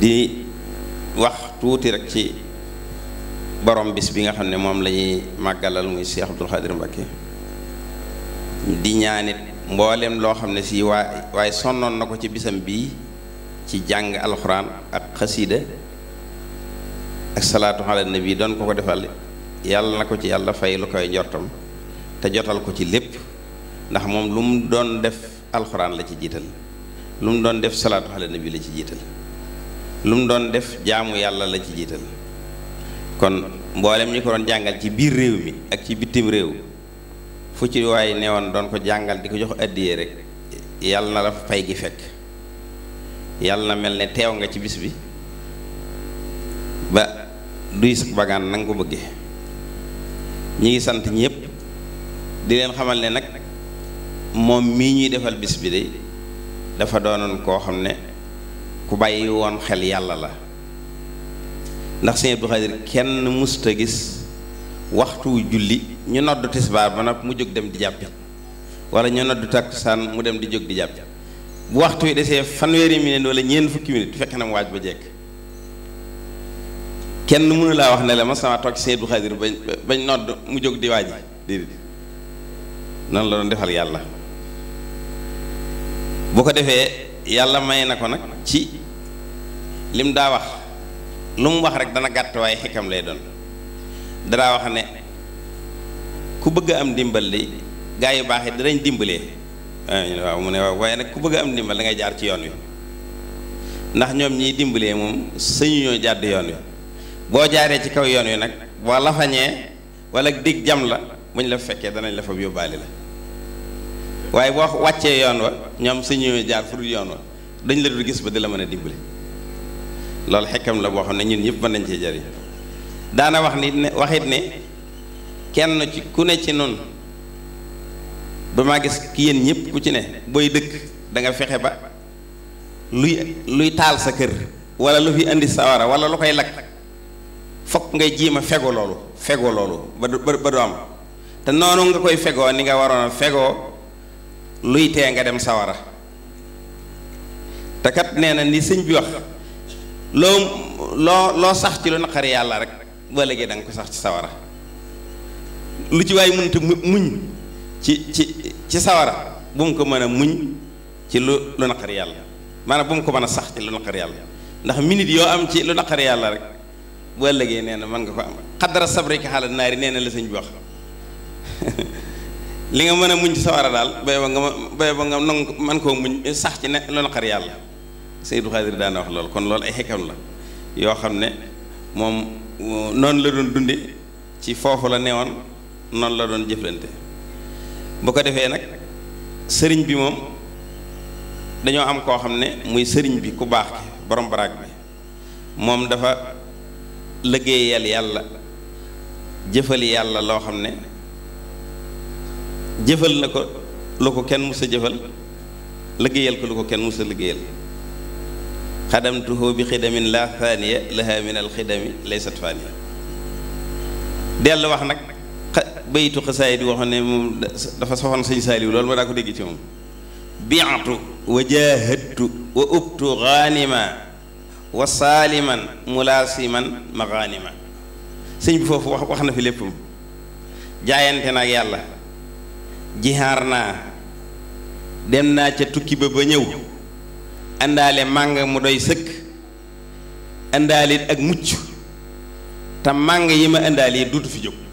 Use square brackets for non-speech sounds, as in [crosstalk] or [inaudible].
di wax tuuti rek ci borom bis bi nga xam ne moom lañuy màggalal muy Cheikh Abdoul Khadir Mbacké di ñaanit mboolem loo xam ne si waa waaye sonnoon na ko ci bisam bii ci jàng alxuraan ak xasiida ak salaatu ala nabi doon ko ko defal yàlla na ko ci yàlla fay lu koy njortam te jotal ko ci lépp ndax moom lu mu doon def alxuraan la ci jiital lu mu doon def salaatu ala nabi la ci jiital lu mu doon def jaamu yàlla la ci jiital kon mboolem ñi ko doon jàngal ci biir réew mi ak ci bitim réew fu ci waay newoon doon ko jàngal di ko jox addiyee rek yàlla na la fay gi fekk yàlla na mel ne teew nga ci bis bi ba duy sa bagaan na nga ko bëggee ñi ngi sant ñëpp di leen xamal ne nag moom mii ñuy defal bis bi de dafa doonoon koo xam ne ku bàyyi woon xel yàlla la ndax sëñ Abdou Khadir kenn musuta gis waxtu julli ñu noddu tisbaar ba nag mu jóg dem di jàppi wala ñu takk takkusaan mu dem di jóg di jàppi bu waxtu yi desee fanweeri minute wala ñeent fukki minute fekk na mu waaj ba jekk kenn mënu laa wax ne ma sama toog ci sëñ Abdou Khadir bañ bañ nodd mu jóg di waaj déedéet noonu la doon defal yàlla bu ko defee yàlla may na ko nag ci lim daa wax lu mu wax rek dana gàtt waaye xikam lay doon danaa wax ne ku bëgg am dimbal li gaa yu baax yi danañ dimbalee ah, waaw mu ne waaye nag ku bëgg am dimbal da ngay jaar ci yoon wi ndax ñoom ñii dimbalee moom sëñu ñoo jàdd yoon wi boo jaaree ci kaw yoon wi nag boo lafañee wala dig jam la bañ la fekkee danañ la fa yóbbaale la waaye boo wàccee yoon wa ñoom sëñu ñoo jaar fu dul yoon wa dañ la dul gis ba di la mën a dimbale loolu xekkam la boo xam ne ñun ñëpp mën nañ cee jariñ daana wax nit ne waxit ne kenn ku ne ci noonu ba maa gis ki yéen ñëpp ku ci ne booy dëkk danga fexe ba luy luy taal sa kër wala lu fi indi sawara wala lu koy lakk fokk ngay jéem a fego loolu fego loolu ba du ba du am te noonu nga koy fegoo ni nga waroon a fegoo luy tee nga dem sawara te kat nee na ni sëñ bi wax loo loo sax ci lu naqari yàlla rek boo léegi danga nga ko sax ci sawara lu ci waay mënta muñ ci ci ci sawara bu mu ko mën a muñ ci lu lu naqari yàlla maanaam ko mën a sax ci lu naqari yàlla ndax minute yoo am ci lu naqari yàlla rek boo ëllëgee nee na mën nga ko am xaddara sabrika xaala naari nee na la sëñ bi [laughs] li nga mën a muñ ci sawara daal bay ba nga bay ba nga nangu mën koo muñ sax ci ne lu naqari yàlla Seydou Xaadir daana wax loolu kon loolu ay xekkam la yoo xam ne moom noonu la doon dunde ci foofu la newoon noonu la doon jëflante bu ko defee nag sëriñ bi moom dañoo am koo xam ne muy sëriñ bi ku baax ki borom baraag bi moom dafa liggéeyal yàlla jëfal yàlla loo xam ne jëfal na ko lu ko kenn mus a jëfal liggéeyal ko lu ko kenn mus a liggéeyal xadamtuhu bi xidamin la faaniya laha min alxidami laysat faaniya dellu wax nag baytu xasaay di waxoon ne moom dafa soxoon sëñ Saaliw loolu ma daa ko dégg ci moom biatu wa jahadtu wa ubtu xaanima wa saaliman mulaasiman maxaanima sëñ bi foofu wax wax na fi léppam jaayante naa yàlla jihaar naa dem naa ca tukki ba ba ñëw indaale màngo mu doy sëkk indaale ak mucc te màng yi ma indaale duutu fi jóg